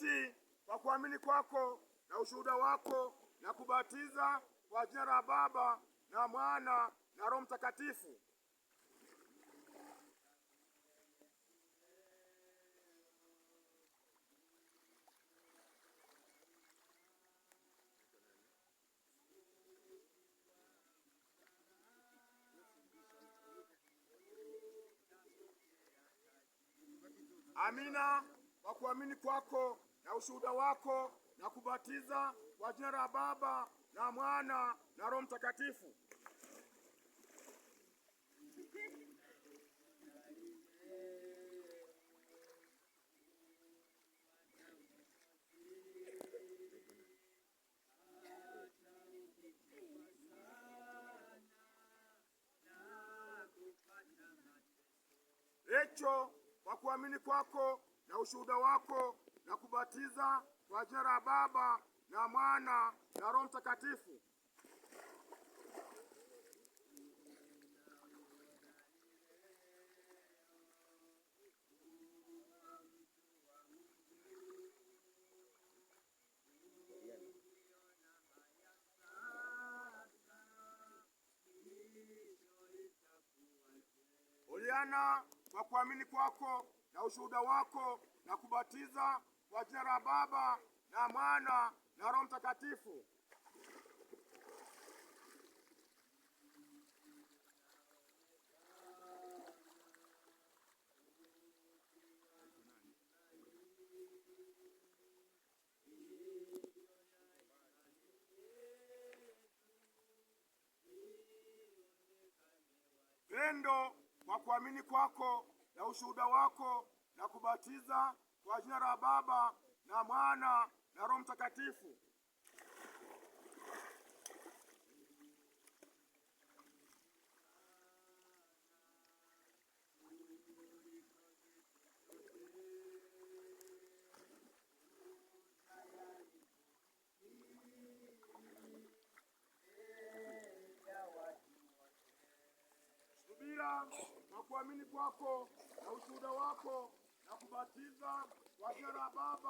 Mtakatifu kwa kuamini kwako na ushuhuda wako na kubatiza kwa jina la Baba na Mwana na Roho Mtakatifu. Amina kwa kuamini kwako na ushuhuda wako na kubatiza kwa jina la Baba na Mwana na Roho Mtakatifu. Echo kwa kuamini kwako na ushuhuda wako na kubatiza kwa jina la Baba na Mwana na Roho Mtakatifu. Uliana kwa kuamini kwako na ushuhuda wako na kubatiza kwa jina la Baba na Mwana na Roho Mtakatifu. Pendo kwa kuamini kwako na ushuhuda wako na kubatiza kwa jina la Baba na Mwana na Roho Mtakatifu. Subira kuamini kwako na ushuhuda wako na kubatiza kwa jina la Baba